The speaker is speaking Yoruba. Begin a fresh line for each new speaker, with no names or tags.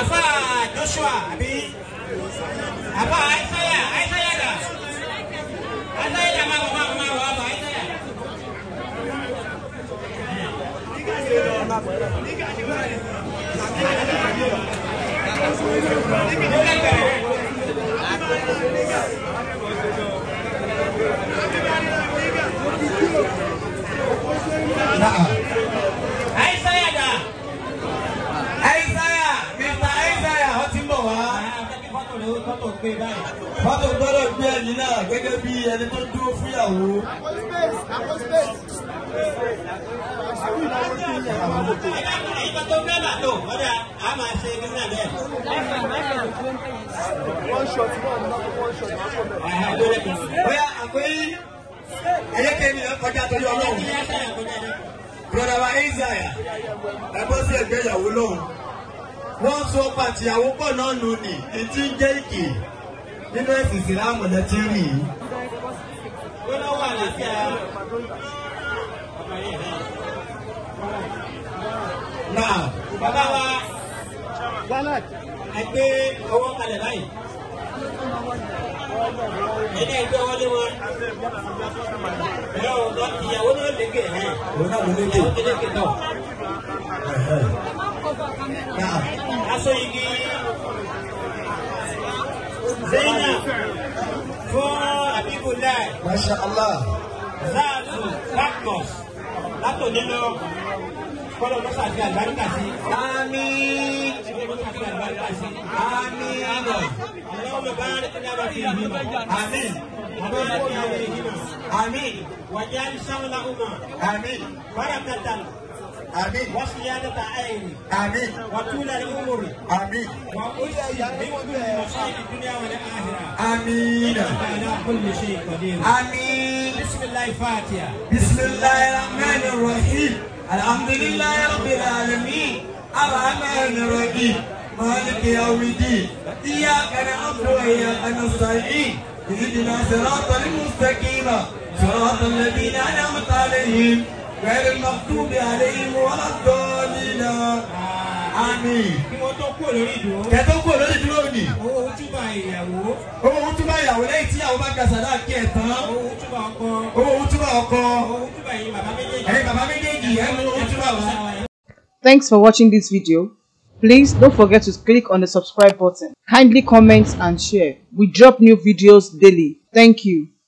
afa joshua Abi? afa aisaya aisaya da aisaya da ma bọ̀ ma bọ̀ ma bọ̀ aisaya. Thank you. ni ó tọ́tò gbé báyìí. fọ́tò gbọ́dọ̀ gbé ẹni náà gẹ́gẹ́ bí ẹni tó dúró fúyàwó. ìgbà tó fẹ́ là tó ọ̀dà a máa ṣe kí náà bẹ́ẹ̀. one shot one one shot one shot. bóyá àpéyí ẹ̀yẹ́kẹ́ mi lọ kọjá torí ọlọ́run. brother wa isaiah ẹ bọ́ sí ẹgbẹ́ ìyàwó lọ́hùn wọ́n so pàtìyàwó pọ̀ náà nù ní etí ń jẹ́ ìkì nínú ẹ̀sìn ìsìlámù lẹ́tí rí i. ó lọ wà láti ẹ̀ náà bàbá wa ẹgbẹ́ ọwọ́ kalẹ̀ báyìí. Ẹni ẹgbẹ́ wọlé wọn. Ẹ̀rọ ìyàwó náà lékè. Ìyàwó náà lékè. Ìyàwó náà lékè náà.
Asoyigi Zainab
fún Abibulai. Masha Allah. Zaatu Patmos látòní lọ kọ́lọ̀ lọ́sà àti àgbáríkà sí. Àmín. Àmín. Allahumma barik lana fi Àmín. Àmín. Àmín. Wàjà ń آمين وقيادة عيني آمين وطول العمر آمين وأسعد بكل مصائب الدنيا والآخرة آمين على كل شيء قدير آمين بسم الله فاتحة بسم الله الرحمن الرحيم الحمد لله رب العالمين الرحمن الرحيم مالك يوم الدين إياك نعبد وإياك نستعين اهدنا صراط المستقيم صراط الذين أنعمت عليهم غير المغضوب عليهم ولا الضالين àmín. kí lórí ìdúró. ni. owó túbà ìyàwó. owó túbà ìyàwó lẹ́yìn tí ìyàwó bá ga sàdá kí ẹ̀ tán. owó túbà ọkọ. owó túbà ọkọ. owó túbà yìí bàbá méjèèjì. ẹ̀yin bàbá méjèèjì ẹ̀ mú owó túbà wá. Thanks for watching this video. Please don't forget to click on the subscribe button. Kindly comment and share. We drop new videos daily. Thank you.